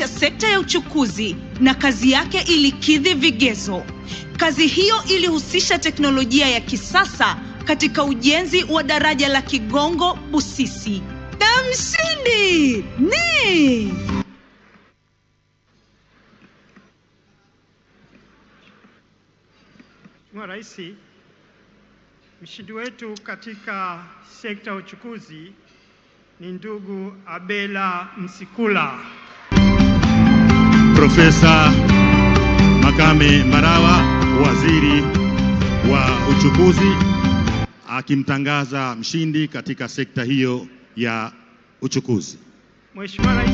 cha sekta ya uchukuzi na kazi yake ilikidhi vigezo. Kazi hiyo ilihusisha teknolojia ya kisasa katika ujenzi wa daraja la Kigongo Busisi, na mshindi ni Mheshimiwa Rais. Mshindi wetu katika sekta ya uchukuzi ni ndugu Abela Msikula. Profesa Makame marawa waziri wa uchukuzi, akimtangaza mshindi katika sekta hiyo ya uchukuzi. Mheshimiwa Rais.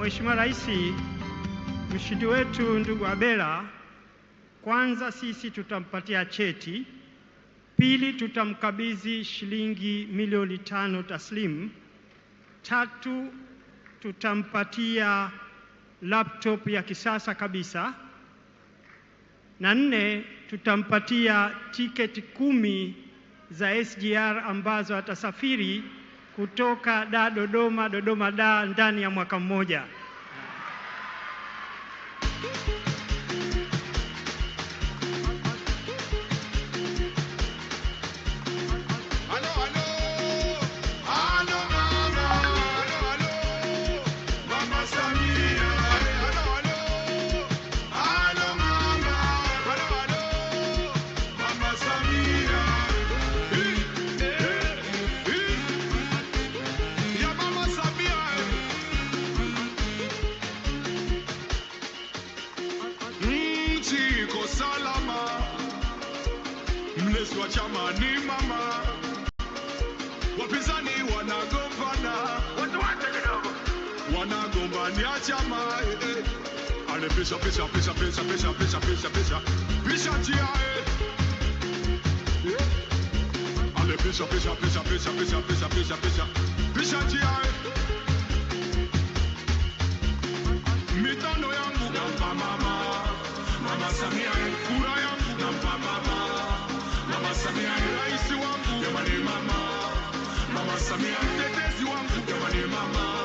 Mheshimiwa Rais, mshindi wetu ndugu Abela, kwanza sisi tutampatia cheti Pili, tutamkabidhi shilingi milioni tano taslimu. Tatu, tutampatia laptop ya kisasa kabisa, na nne, tutampatia tiketi kumi za SGR ambazo atasafiri kutoka da Dodoma, Dodoma da ndani ya mwaka mmoja. Joshua Chama ni mama wapinzani wanagombana, watu wote kidogo wanagombania chama ale pisha pisha pisha pisha pisha pisha pisha pisha pisha njia eh. eh. ale pisha pisha pisha pisha pisha pisha pisha pisha pisha njia eh. mitano yangu mama mama Samia So me, I detest you, I'm your my mama.